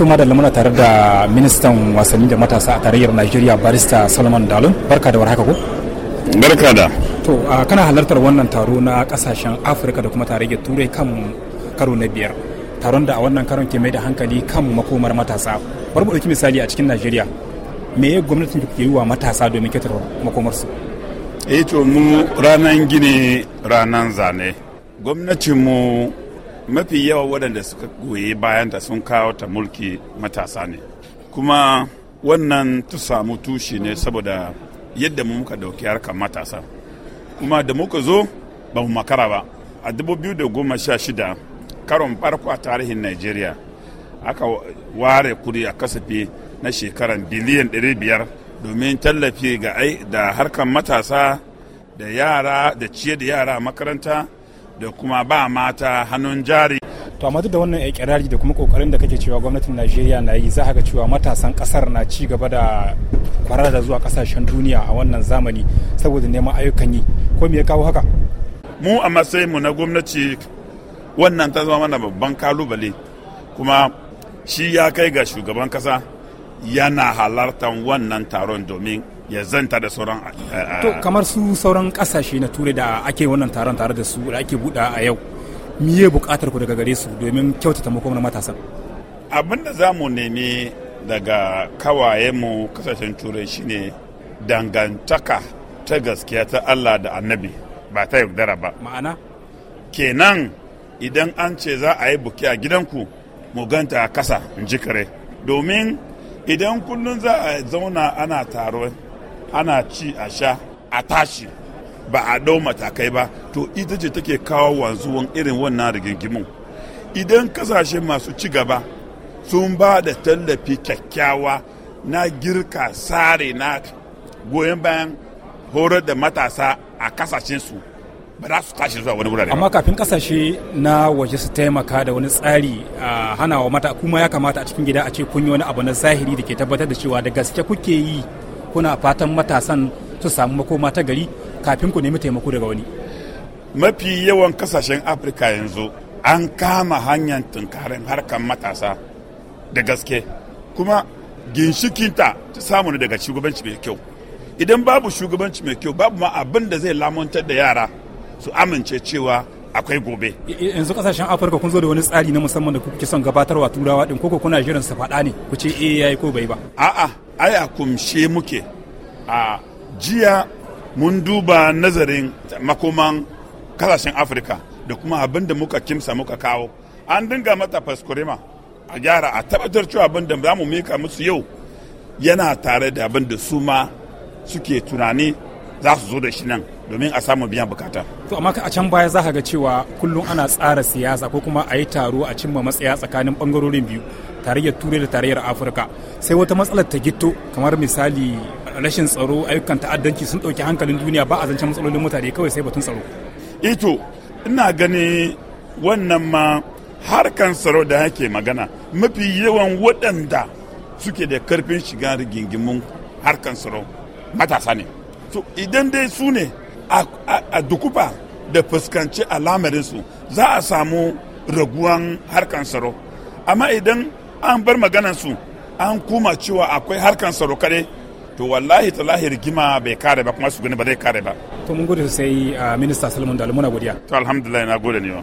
to madalla muna tare da ministan wasanni da matasa a tarayyar Najeriya barista Solomon Dalun barka da warhaka ko barka da to kana halartar wannan taro na kasashen Afirka da kuma tarayyar Turai kan karo na biyar taron da a wannan karon ke mai da hankali kan makomar matasa bari mu dauki misali a cikin Najeriya me ya gwamnatin ke yi wa matasa domin makomar su eh to mu ranan gine ranan zane gwamnatin mu mafi yawa waɗanda suka goye bayanta sun kawo ta mulki matasa ne kuma wannan ta samu tushe ne saboda yadda mu muka ɗauki harkar matasa kuma da muka zo ba mu makara ba a goma shida karon farko a tarihin nigeria aka ware kuri a kasafi na shekaran biliyan 500 domin tallafi ga ai da harkar matasa da yara da ciye da yara makaranta da kuma ba mata hannun jari to amma duk da wannan ikirari da kuma kokarin da kake cewa gwamnatin Najeriya na yi za ga cewa matasan kasar na ci gaba da kwarara zuwa kasashen duniya a wannan zamani saboda neman ayyukan yi ko me ya kawo haka mu a mu na gwamnati wannan ta zama mana babban kalubale kuma shi ya kai ga shugaban kasa yana halartar wannan taron domin ya zanta da sauran to kamar su sauran kasashe na turai da ake wannan taron tare da su da ake buɗa a yau miye buƙatar ku daga gare su domin kyautata makomar matasan abin da za mu nemi daga kawaye mu kasashen turai shine dangantaka ta gaskiya ta allah da annabi ba ta yaudara ba ma'ana kenan idan an ce za a yi buki a gidanku mu ganta a kasa in ji domin idan kullum za a zauna ana taro ana ci a sha a tashi ba a dau matakai ba to ita ce take kawo wanzuwan irin wannan rigingimu idan kasashe masu ci gaba sun ba da tallafi kyakkyawa na girka sare na goyon bayan horar da matasa a kasashensu ba za su tashi zuwa wani wurare amma kafin kasashe na waje su taimaka da wani tsari a hana wa mata kuma ya kamata a cikin gida a ce kun yi wani abu na zahiri da ke tabbatar da cewa da gaske kuke yi kuna fatan matasan su samu makoma ta gari kafin ku nemi taimako daga wani mafi yawan kasashen afirka yanzu an kama hanyar tunkarin harkar matasa da gaske kuma ginshikinta ta samu daga shugabanci mai kyau idan babu shugabanci mai kyau babu ma abin da zai lamantar da yara su amince cewa akwai gobe yanzu kasashen afirka kun zo da wani tsari na musamman da kuke son gabatarwa turawa din koko kuna jiran su faɗa ne ku ce eh yayi ko bai ba a'a ai a kumshe muke a jiya mun duba nazarin makoman kasashen afirka da kuma abin muka kimsa muka kawo an dinga mata faskurima a gyara a tabbatar cewa abinda da za mu mika musu yau yana tare da abin da su ma suke tunani za su zo da shi nan domin a samu biyan bukata. To amma a can baya za ka ga cewa kullum ana tsara siyasa ko kuma a yi taro a cimma matsaya tsakanin bangarorin biyu tarayyar turai da tarayyar afirka sai wata matsalar ta gito kamar misali rashin tsaro ayyukan ta'addanci sun ɗauki hankalin duniya ba a zancen matsalolin mutane kawai sai batun tsaro. ito eh ina gani wannan ma harkan tsaro da yake magana mafi yawan waɗanda suke da karfin shiga rigingimun harkan tsaro matasa ne to idan dai su ne a dukufa da fuskanci alamarinsu za a samu raguwan harkan tsaro amma idan an bar maganansu an kuma cewa akwai harkan tsaro kare to wallahi lahir gima bai kare ba kuma su gani ba zai kare ba to mun gode sosai ah, minista salmon da muna godiya to alhamdulillah na gode ne